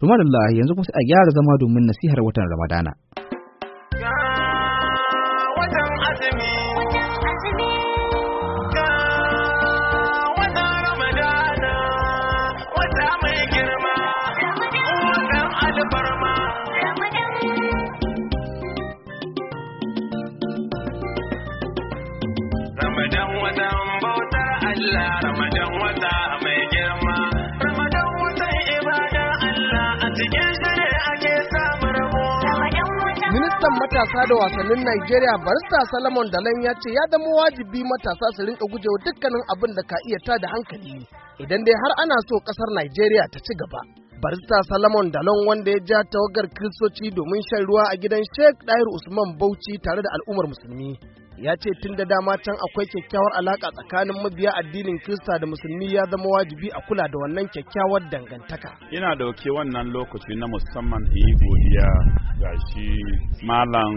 Rumanullah yanzu kuma sai a gyara zama domin nasihar watan Ramadana. Ramadan watan bautar Allah, Ramadan wata mai matasa da wasannin Najeriya barista Salomon Dalan ya ce ya zama wajibi matasa su rinka gujewa dukkanin abin da ka iya tada hankali idan dai har ana so kasar Najeriya ta ci gaba. Barista Salomon Dalon wanda ya ja tawagar kiristoci domin shan ruwa a gidan Sheikh Dair Usman Bauchi tare da al'ummar musulmi ya ce tun da dama can akwai kyakkyawar alaƙa tsakanin mabiya addinin Kirista da musulmi ya zama wajibi a kula da wannan kyakkyawar dangantaka. Ina dauke wannan lokaci na musamman in yi godiya ga shi Malam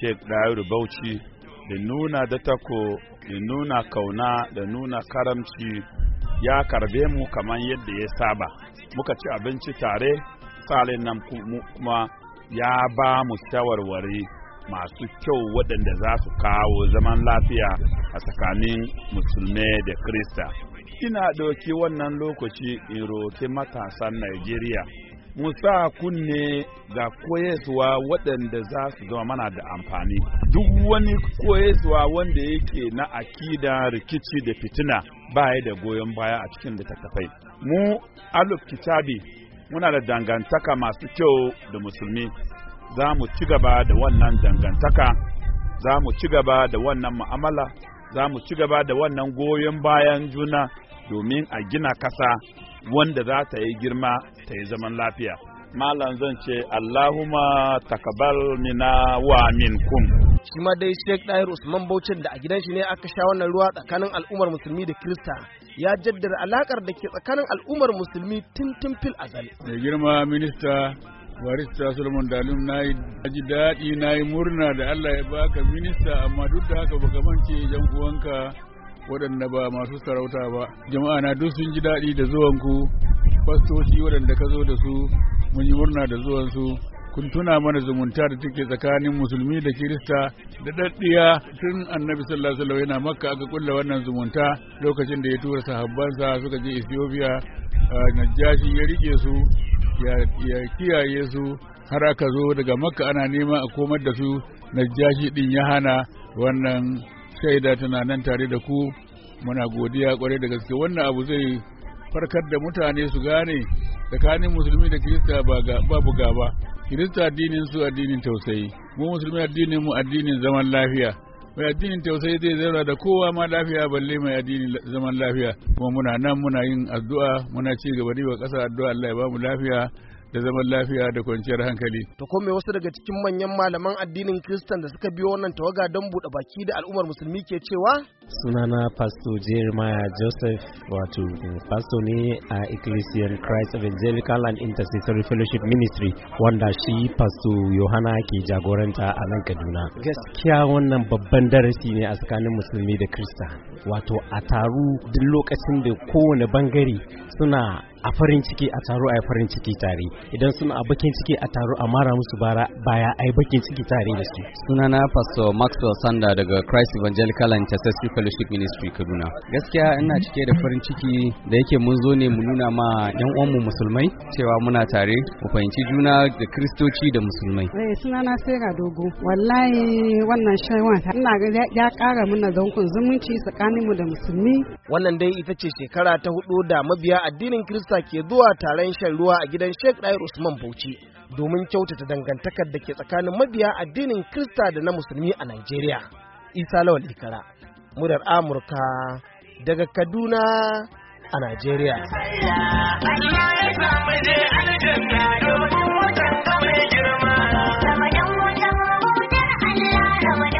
Sheikh Dahiru Bauchi da nuna da tako da nuna kauna da nuna karamci ya karbe mu kamar yadda ya saba. Muka ci abinci tare, salin nan kuma ya ba mu shawarwari masu kyau waɗanda za su kawo zaman lafiya a tsakanin musulmi da krista ina ɗauki wannan lokaci in roki matasan najeriya Musa kunne ga koyaswa waɗanda za su zama mana da amfani duk wani koyaswa wanda yake na akida rikici da fitina ba da goyon baya a cikin littattafai mu aluf kitabi muna da dangantaka masu kyau da musulmi za mu ci gaba da wannan dangantaka za mu ci gaba da wannan mu'amala za mu ci gaba da wannan goyon bayan juna domin a gina kasa wanda za ta yi girma ta yi zaman lafiya malam zan ce Allahuma, takabal mina wa minkum shi ma dai shek Dair Usman bauchi da a gidan shi ne aka sha wannan ruwa tsakanin al'ummar musulmi da Kirista ya jaddada alakar da ke tsakanin al'ummar musulmi tun tun fil azal. Da girma minista barista Solomon Dalum na yi ji daɗi na yi murna da Allah ya baka minista amma duk da haka baka mance jan uwanka waɗanda ba masu sarauta ba jama'a na duk sun ji daɗi da zuwanku fastoci waɗanda ka zo da su mun yi murna da zuwansu kun tuna mana zumunta da take tsakanin musulmi da kirista da daddiya tun annabi sallallahu alaihi wasallam yana makka aka kulla wannan zumunta lokacin da ya tura sahabbansa suka je ethiopia najashi ya rike su ya kiyaye su har aka zo daga makka ana nema a komar da su najjashi din ya hana wannan shaida tana nan tare da ku muna godiya kwarai da gaske wannan abu zai farkar da mutane su gane tsakanin musulmi da kirista babu gaba kirista addinin su addinin tausayi mu musulmi addinin mu addinin zaman lafiya mai addinin tausayi zai zauna da kowa ma lafiya balle mai addinin zaman lafiya kuma muna nan muna yin addu'a muna ci gaba da wa ƙasa addu'a Allah ya ba mu lafiya da zaman lafiya da kwanciyar hankali. To ko wasu daga cikin manyan malaman addinin Kristan da suka biyo wannan tawaga don buɗe baki da al'ummar musulmi ke cewa? Sunana Pastor Jeremiah Joseph wato eh, pastor ne a Ecclesian Christ Evangelical and Intercessory Fellowship Ministry wanda shi Pastor Yohana ke jagoranta a nan Kaduna. Gaskiya wannan babban darasi ne a tsakanin musulmi da Kristan. Wato a taru duk lokacin da kowane bangare suna a farin ciki a taro a farin ciki tare idan suna a bakin ciki a taro a mara musu bara baya a bakin ciki tare da su sunana pastor maxwell sanda daga christ evangelical and intercessory fellowship ministry kaduna gaskiya ina cike da farin ciki da yake mun zo ne mu nuna ma yan uwanmu musulmai cewa muna tare mu fahimci juna da kristoci da musulmai eh sunana sera dogo wallahi wannan shaiwan ina ga ya kara muna zankun zumunci tsakaninmu da musulmi wannan dai ita ce shekara ta hudu da mabiya addinin kristo siyasa ke zuwa taron shan ruwa a gidan Sheikh Dair Usman Bauchi domin kyautata dangantakar da ke tsakanin mabiya addinin kirista da na Musulmi a Najeriya. Isa Lawal Ikara, murar Amurka daga Kaduna a Najeriya.